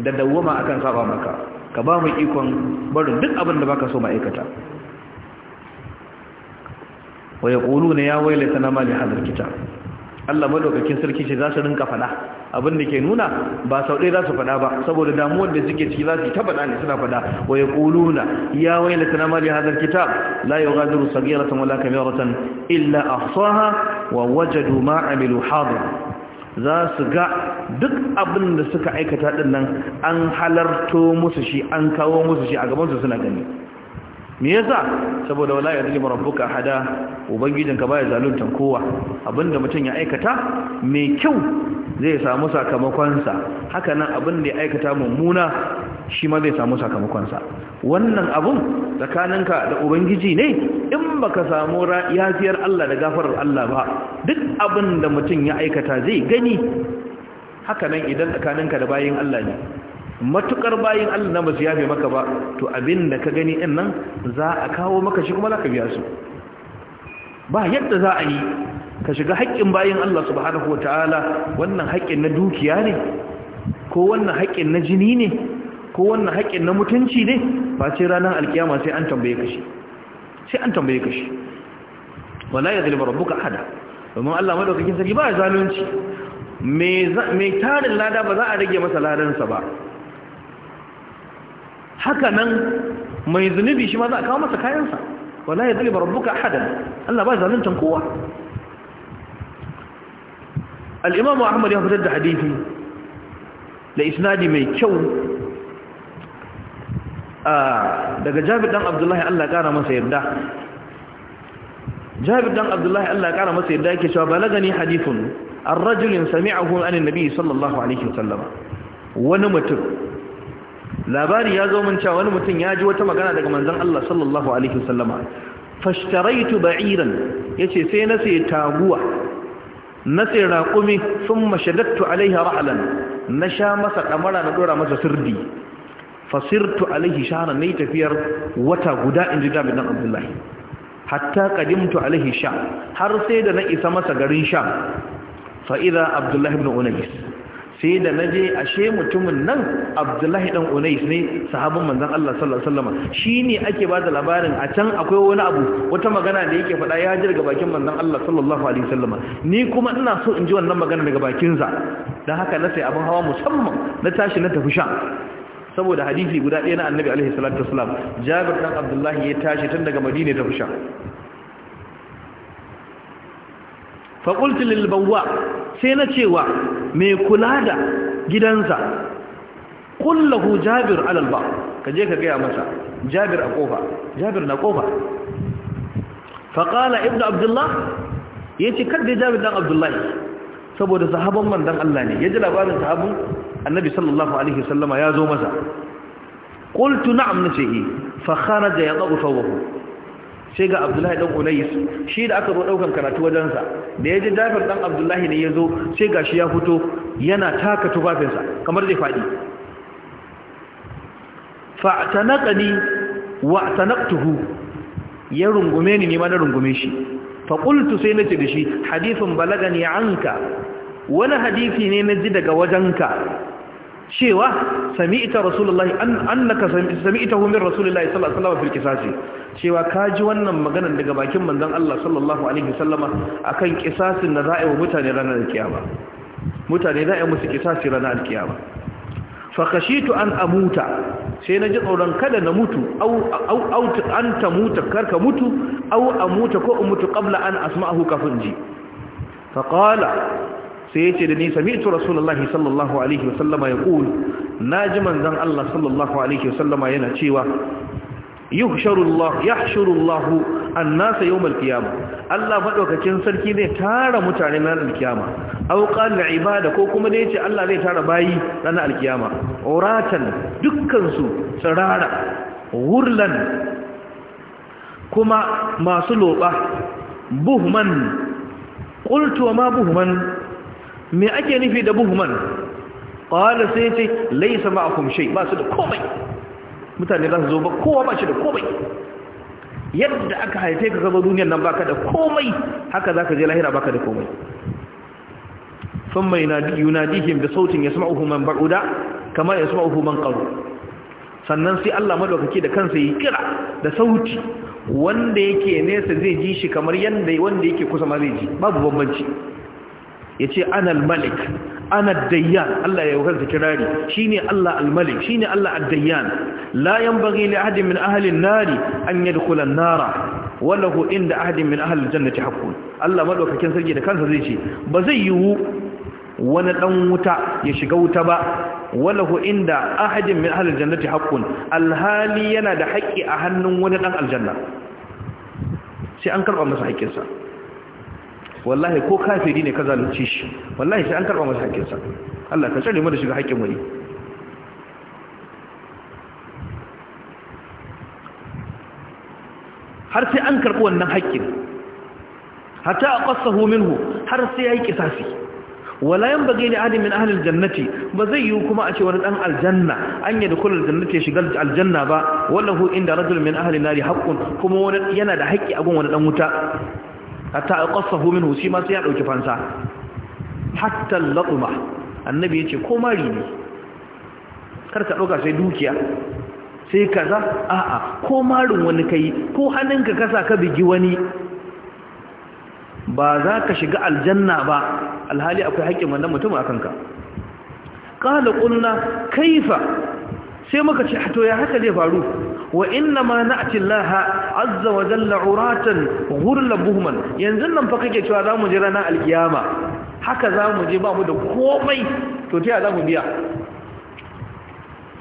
da dawwama akan saba maka ka ba mu ikon barin duk abin da baka so ma'aikata wa yaquluna ya wailata na mali hadha kitab Allah madaukakin sarki ce za su rinka faɗa abin da ke nuna ba sau ɗaya za su faɗa ba saboda damuwar da suke ciki za su ta faɗa ne suna faɗa wa ya ƙuluna ya wai da tana mali hazar kitab la yau gadiru sagiratan wala kamiratan illa ahsaha wa wajadu ma amilu hadir za su ga duk abin da suka aikata ɗin nan an halarto musu shi an kawo musu shi a gabansu suna gani me yasa saboda wala ya zalima rabbuka hada ubangijin ka baya zaluntan kowa abinda mutum ya aikata mai kyau zai samu sakamakonsa haka nan abinda ya aikata mummuna shi ma zai samu sakamakonsa wannan abun tsakaninka da ubangiji ne in baka samu yafiyar Allah da gafarar Allah ba duk abinda mutum ya aikata zai gani haka nan idan tsakaninka da bayin Allah ne matukar bayin Allah na basu yafe maka ba to abinda ka gani ɗin nan za a kawo maka shi kuma za ka biya su ba yadda za a yi ka shiga haƙƙin bayin Allah subhanahu wataala wannan haƙƙin na dukiya ne ko wannan haƙƙin na jini ne ko wannan haƙƙin na mutunci ne ba ce ranar alkiyama sai an tambaye ka shi sai an tambaye ka shi wala yadhlimu rabbuka ahada domin Allah madaukakin sarki ba zalunci me me tarin lada ba za a rage masa ladansa ba haka nan mai zunubi shi ma za a kawo masa kayansa wala ya zaliba rabbuka ahadan Allah ba zaluntan kowa al-Imam Ahmad ya fitar da hadisi da isnadi mai kyau daga Jabir dan Abdullahi Allah ya kara masa yarda Jabir dan Abdullahi Allah ya kara masa yarda yake cewa balagani hadithun ar-rajulin sami'ahu an an-nabi sallallahu alaihi wasallam wani mutum labari ya zo min cewa wani mutum ya ji wata magana daga manzon Allah sallallahu alaihi wasallama fashtaraitu ba'iran yace sai na sai taguwa na sai raqumi thumma shadattu alaiha ra'lan na sha masa kamara na dora masa sirdi fasirtu alaihi shahran nai tafiyar wata guda inji Jabir bin Abdullah hatta qadimtu alaihi sha har sai da na isa masa garin sha fa Abdullahi Abdullah ibn Unais sai da na je ashe mutumin nan abdullahi dan unais ne sahabin manzon Allah sallallahu alaihi wasallam shine ake ba da labarin a can akwai wani abu wata magana da yake faɗa ya jirga bakin manzon Allah sallallahu alaihi wasallam ni kuma ina so in ji wannan magana daga bakin sa dan haka na sai abin hawa musamman na tashi na tafi sha saboda hadisi guda ɗaya na annabi alaihi salatu wasallam jabir dan abdullahi ya tashi tun daga madina tafi sha faƙultu lilbawa sai na cewa mai kula da gidansa kullahu jabir alalba ka je ka gaya masa jabir a ƙofa jabir na ƙofa faƙala ibn abdullah ya ce kadda jabir dan abdullahi saboda sahabon mandan Allah ne ya ji labarin sahabin annabi sallallahu alaihi sallama ya zo masa ƙultu na'am na ce eh. fa da ya tsabu sawahu sai ga abdullahi dan unais shi da aka zo daukan karatu wajensa da ya ji jafar dan abdullahi ne ya zo sai ga shi ya fito yana taka tufafinsa kamar zai faɗi fa'tanaqani wa'tanaqtuhu ya rungume ni ma na rungume shi fa qultu sai nace da shi hadithun balagani anka wani hadisi ne na ji daga wajenka cewa sami'ta rasulullahi annaka sami'tahu min rasulillahi sallallahu alaihi wasallam fil qisasi cewa kaji wannan maganar daga bakin manzon Allah sallallahu alaihi wasallama akan kisasin da za a yi wa mutane ranar kiyama mutane yi musu kisasi ranar kiyama fa khashitu an amuta sai na ji tsoron kada na mutu au au an ta mutu karka mutu au amuta ko mutu qabla an asma'ahu kafin ji Faƙala. sai yace da ni sami'tu rasulullahi sallallahu alaihi wasallama yaqul naji manzon Allah sallallahu alaihi wasallama yana cewa yuhsharu Allah yahshuru Allah an-nas yawm qiyamah Allah madaukakin sarki zai tara mutane na alkiyama. qiyama aw ibada ko kuma da yace Allah zai tara bayi na alkiyama. uratan dukkan su tsirara wurlan kuma masu loba buhman qultu wa ma buhman me ake nufi da buhman qala sai ce laysa ma'akum shay ba su da komai mutane za su zo ba kowa ba shi da komai yadda aka haife ka zama duniyar nan baka da komai haka zaka je lahira baka da komai thumma yunadihim bi sautin yasma'uhu man ba'uda kama yasma'uhu man karu. sannan sai Allah madaukake da kansa yi kira da sauti wanda yake nesa zai ji shi kamar yanda wanda yake kusa ma zai ji babu bambanci ya ce anal malik ana dayyan Allah ya yawar da kirari shine Allah al-malik shine Allah ad-dayyan la yanbaghi li ahadin min ahli an-nari an yadkhula an-nara wallahu inda ahadin min ahli al-jannati haqqun Allah madaukakin sarki da kansa zai ce ba zai yiwu wani ɗan wuta ya shiga wuta ba wallahu inda ahadin min ahli al-jannati haqqun alhali yana da haƙƙi a hannun wani ɗan aljanna sai an karba masa haƙƙinsa wallahi ko kafiri ne ka zalunce shi wallahi sai an karba masa hakkinsa Allah ka tsare mu da shiga hakkin wani har sai an karɓi wannan haƙƙin hatta a ƙasahu minhu har sai ya yi wala walayan bage ne adin min ahalin jannati ba zai yi kuma a ce wani dan aljanna an yi da kula jannati ya shigar aljanna ba wallahu inda rajul min ahalin nari haƙƙun kuma wani yana da haƙƙi a gun wani ɗan wuta hatta aqassahu minhu shi ma ya ɗauki fansa hatta latuma annabi yace ko mari ne kar ka sai dukiya sai kaza a'a ko marin wani kai ko hannunka kasa ka bigi wani ba za ka shiga aljanna ba alhali akwai haƙƙin wannan mutum a kanka ƙala ƙunna kaifa sai muka ce ah, to ya haka zai faru wa inna ma na'ti Allah azza wa jalla uratan ghurla buhman yanzu nan fa kake cewa zamu je ranar alkiyama haka zamu je ba mu da komai to ta zamu biya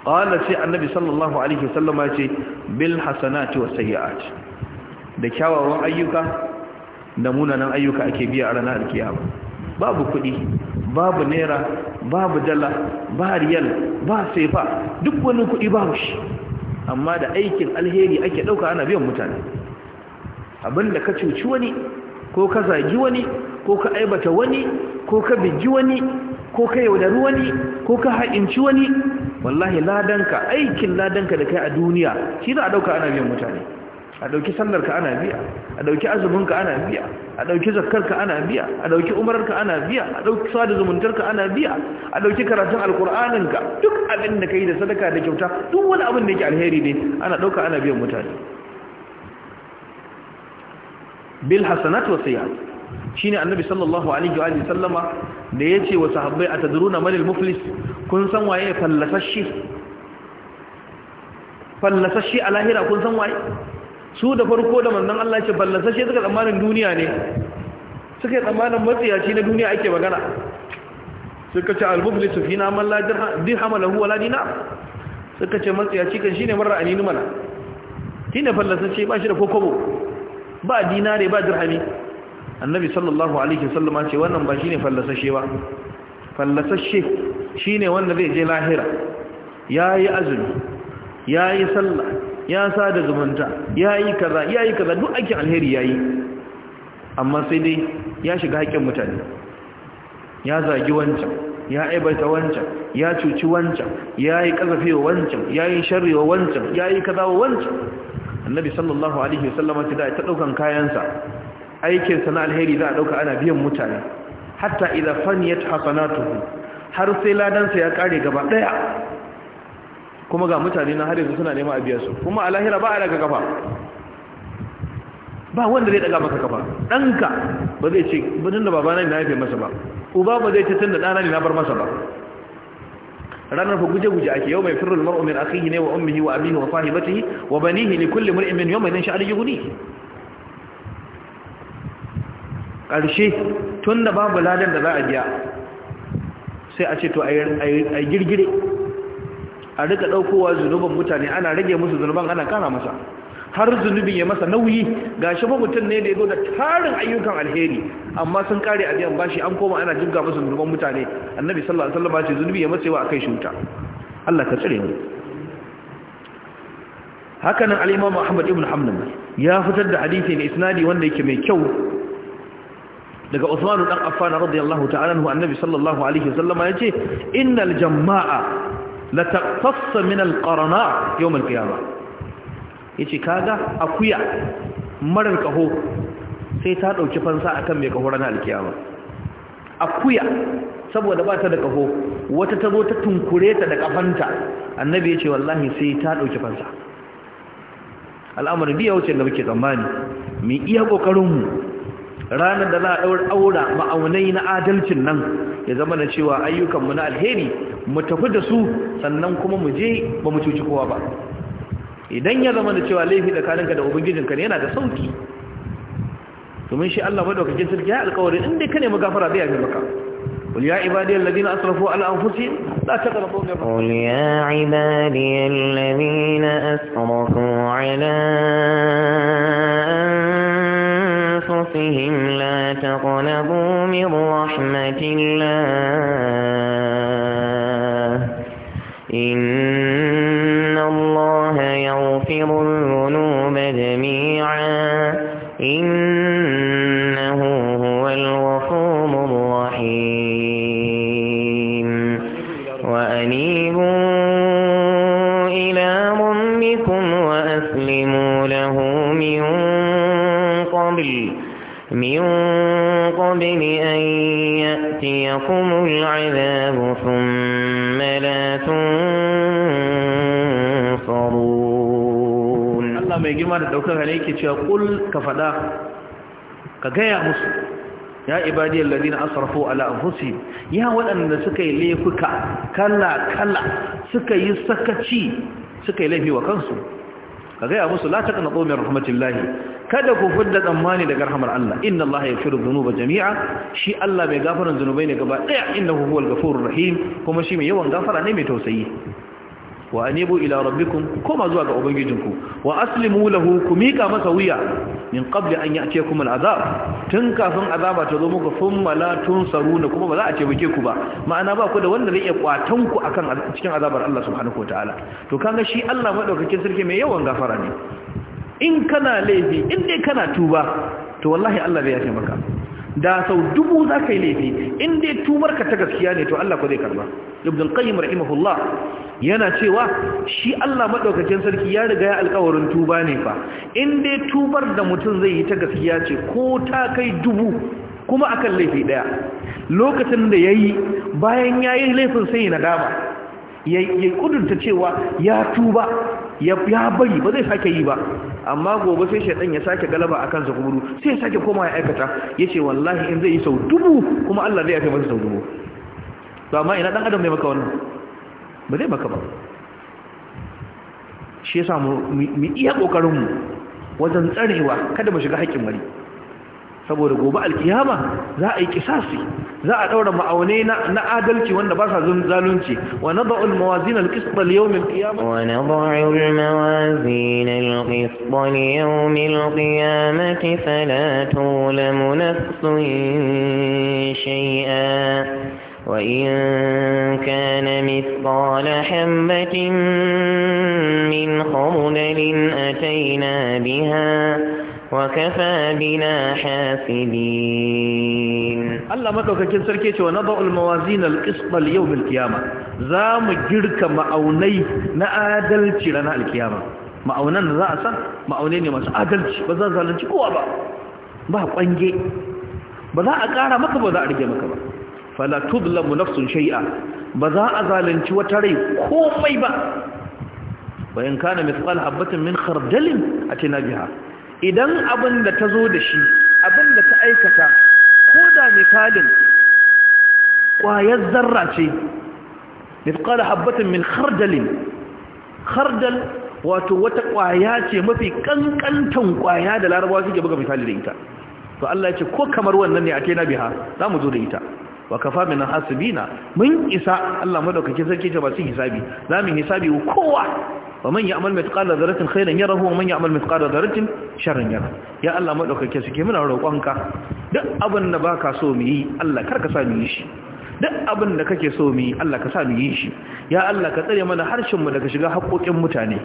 qala sai annabi sallallahu alaihi wasallama ce bil hasanati was sayyi'at da kyawawan ayyuka da munanan ayyuka ake biya a ranar alkiyama babu kuɗi babu naira babu dala ba riyal ba sefa duk wani kuɗi ba shi amma da aikin alheri ake ɗauka ana biyan mutane abinda ka cuci wani ko ka zagi wani ko ka aibata wani ko ka bigi wani ko ka yaudari wani ko ka haƙinci wani wallahi ladanka aikin ladanka da kai a duniya shi za a ɗauka ana biyan mutane a ɗauki sallarka ana biya a ɗauki azuminka ana biya a ɗauki zakkarka ana biya a ɗauki umararka ana biya a ɗauki sada zumuntarka ana biya a ɗauki karatun alkur'aninka duk abin da ka yi da sadaka da kyauta duk wani abin da yake alheri ne ana ɗauka ana biyan mutane bil hasanat wa sayyi'at shine annabi sallallahu alaihi wa sallama da yace wa sahabbai atadruna manil muflis kun san waye fallasashi fallasashi a lahira kun san waye su da farko da manzon Allah ce ballasa shi suka tsammanin duniya ne suka yi tsammanin matsiyaci na duniya ake magana suka ce al su fina man la hamala huwa Ladina? dinar suka ce matsiyaci kan shine a aninu mana shine fallasa ce ba shi da kokobo ba dinare ba dirhami annabi sallallahu alaihi wasallam ce wannan ba shine fallasashe ba fallasashe shine wanda zai je lahira yayi azumi yayi sallah ya sada zumunta ya yi kaza ya yi kaza duk aikin alheri ya yi amma sai dai ya shiga haƙƙin mutane ya zagi wancan ya aibata wancan ya cuci wancan ya yi ƙazafe wa wancan ya yi sharri wa wancan ya yi kaza wa wancan annabi sallallahu alaihi wasallama ta da ta ɗaukan kayansa aikinsa na alheri za a ɗauka ana biyan mutane hatta idan faniyat hasanatuhu har sai ladansa ya ƙare gaba ɗaya kuma ga mutane na har yanzu suna nema a biya su kuma a lahira ba a daga kafa ba wanda zai daga maka kafa ɗanka ba zai ce tun da babana ne na haife masa ba uba ba zai ce tun da ɗana ne na bar masa ba ranar fa guje-guje ake yau mai firul marumin akihi ne wa ummihi wa abihi wa sahibatihi wa banihi li kulli mai nan sha'ar sha'ani Ƙarshe tun da babu ladan da za a biya sai a ce to a yi girgire a rika daukowa zunuban mutane ana rage musu zunuban ana kara masa har zunubin ya masa nauyi ga shi mutum ne da ya zo da tarin ayyukan alheri amma sun kare a biyan bashi an koma ana jibga musu zunuban mutane annabi sallallahu alaihi wasallam ce zunubi ya masa wa akai shuta Allah ka tsare mu hakanan al-Imam Ahmad ibn Hanbal ya fitar da hadisi ne isnadi wanda yake mai kyau daga Uthman dan Affan radiyallahu ta'ala annabi sallallahu alaihi ya ce innal jamaa la taqtassa min alqarana yawm alqiyama yace kaga akuya marar kaho sai ta dauki fansa akan mai kaho ranar alkiyama akuya saboda bata da kaho wata ta zo ta tunkure ta da kafanta annabi yace wallahi sai ta ɗauki fansa al'amarin biya wuce da muke tsammani mu iya kokarinmu ranar da za a daura ma'aunai na adalcin nan ya zama na cewa ayyukanmu na alheri mu tafi da su sannan kuma mu je ba mu cuci kowa ba idan ya zama da cewa laifi da tsakaninka da ubangijinka ne yana da sauki domin shi Allah madaukakin sarki ya alƙawari inda ka nemi gafara zai yi maka قل يا عبادي الذين أسرفوا على أنفسهم لا تقنطوا من قل يا عبادي الذين أسرفوا على أنفسهم لا تقنطوا من رحمة الله إن girma da ɗaukaka ne yake cewa kul ka faɗa ka gaya musu ya ibadiyar lalina asarfo ala ya waɗanda suka yi laifuka kala-kala suka yi sakaci suka yi laifi wa kansu ka gaya musu la na kana rahmatullahi kada ku fidda tsammani daga rahmar Allah inna Allah ya firu zunuba jami'a shi Allah mai gafaran zunubai ne gaba ɗaya inna huwal gafurur rahim kuma shi mai yawan gafara ne mai tausayi wa anibu ila rabbikum koma zuwa ga ubangijinku wa aslimu lahu ku mika masa wuya min qabli an ya'tiyakum al'azab tun kafin azaba ta zo muku thumma la saruna kuma ba za a taimake ku ba ma'ana ba ku da wanda zai iya kwatan ku akan cikin azabar Allah subhanahu wataala to kaga shi Allah madaukakin sarki mai yawan gafara ne in kana laifi in dai kana tuba to wallahi Allah zai yafe maka da sau dubu za ka yi laifi in dai tubar ka ta gaskiya ne to Allah ko zai karba ibn qayyim rahimahullah yana cewa shi Allah madaukakin sarki ya riga ya alƙawarin tuba ne fa inda dai tubar da mutum zai yi ta gaskiya ce ko ta kai dubu kuma akan laifi daya lokacin da yayi bayan yayi laifin sai nadama yayi kudurta cewa ya tuba ya bari ba zai sake yi ba amma gobe sai shaidan ya sake galaba a kansa kuburu sai ya sake koma ya aikata ya ce wallahi in zai yi sau dubu kuma Allah zai yafe masa sau dubu ba ma ina dan adam ne maka wannan ba zai maka ba shi ya yasa mu iya kokarin wajen tsarewa kada mu shiga haƙƙin mari. saboda gobe alkiyama za a yi kisasi za a daura ma'aune na adalci wanda ba sa zalunci wa nad'u al-mawazin al-qist al-yawm al-qiyamah wa nad'u al-mawazin al-qist al-yawm al-qiyamah fala tulamu nafsun shay'a وإن كان مثقال حبة من خردل أتينا بها وكفى بنا حاسبين الله مدوكاكين سركي cewa na ba'ul mawazin al-qism al-yawm al-qiyama zamu girka ma'aunai na adalci ranar al-qiyama ma'aunan za a san ma'aunai ne masu adalci ba za zalunci kowa ba ba kwange ba za a kara maka ba za a rige maka ba fala tudlamu nafsun shai'a. ba za a zalunci wata rai komai ba bayan kana min khardalin atina biha idan abin da ta zo da shi abin da ta aikata ko da misalin ƙwayar zarra ce mithqala habbatin min khardalin khardal wato wata ƙwaya ce mafi kankantan ƙwaya da larabawa suke buga misali da ita to Allah ya ce ko kamar wannan ne a taina biha za mu zo da ita wa kafa min hasibina mun isa Allah madaukake sarki ce ba su hisabi Za mu hisabi kowa wa man ya'mal mithqala dharratin khairan yarahu wa man ya'mal mithqala dharratin sharran yarahu ya Allah madaukake suke muna roƙonka duk abin da baka so mu yi Allah karka sa mu yi shi duk abin da kake so mu yi Allah ka sa mu yi shi ya Allah ka tsare mana harshen mu daga shiga haƙoƙin mutane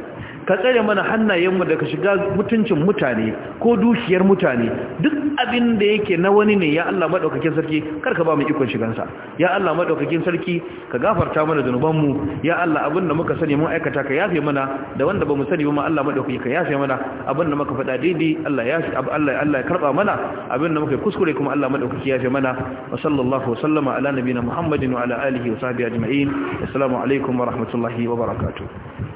ka tsare mana hannayen mu daga shiga mutuncin mutane ko dukiyar mutane duk abin da yake na wani ne ya Allah madaukakin sarki kar ka ba mu ikon shigan sa ya Allah madaukakin sarki ka gafarta mana zanuban mu ya Allah abin da muka sani mun aikata ka yafe mana da wanda bamu sani ba ma Allah madaukaki ka yafe mana abin da muka faɗa daidai Allah ya Allah Allah ya karba mana abin da muka kuskure kuma Allah madaukaki ya yafe mana wa sallallahu wa sallama ala nabiyina محمد وعلى آله وصحبه أجمعين السلام عليكم ورحمة الله وبركاته